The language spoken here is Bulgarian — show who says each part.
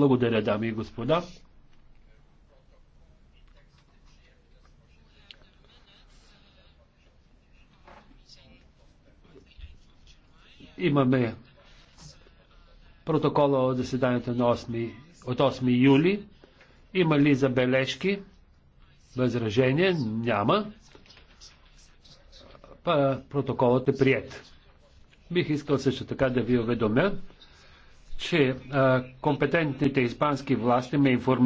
Speaker 1: Благодаря, дами и господа.
Speaker 2: Имаме протокола от заседанието на 8, от 8 юли. Има ли забележки? Възражение? Няма. Протоколът е прият. Бих искал също така да ви уведомя, че а, компетентните
Speaker 3: испански власти ме информираха,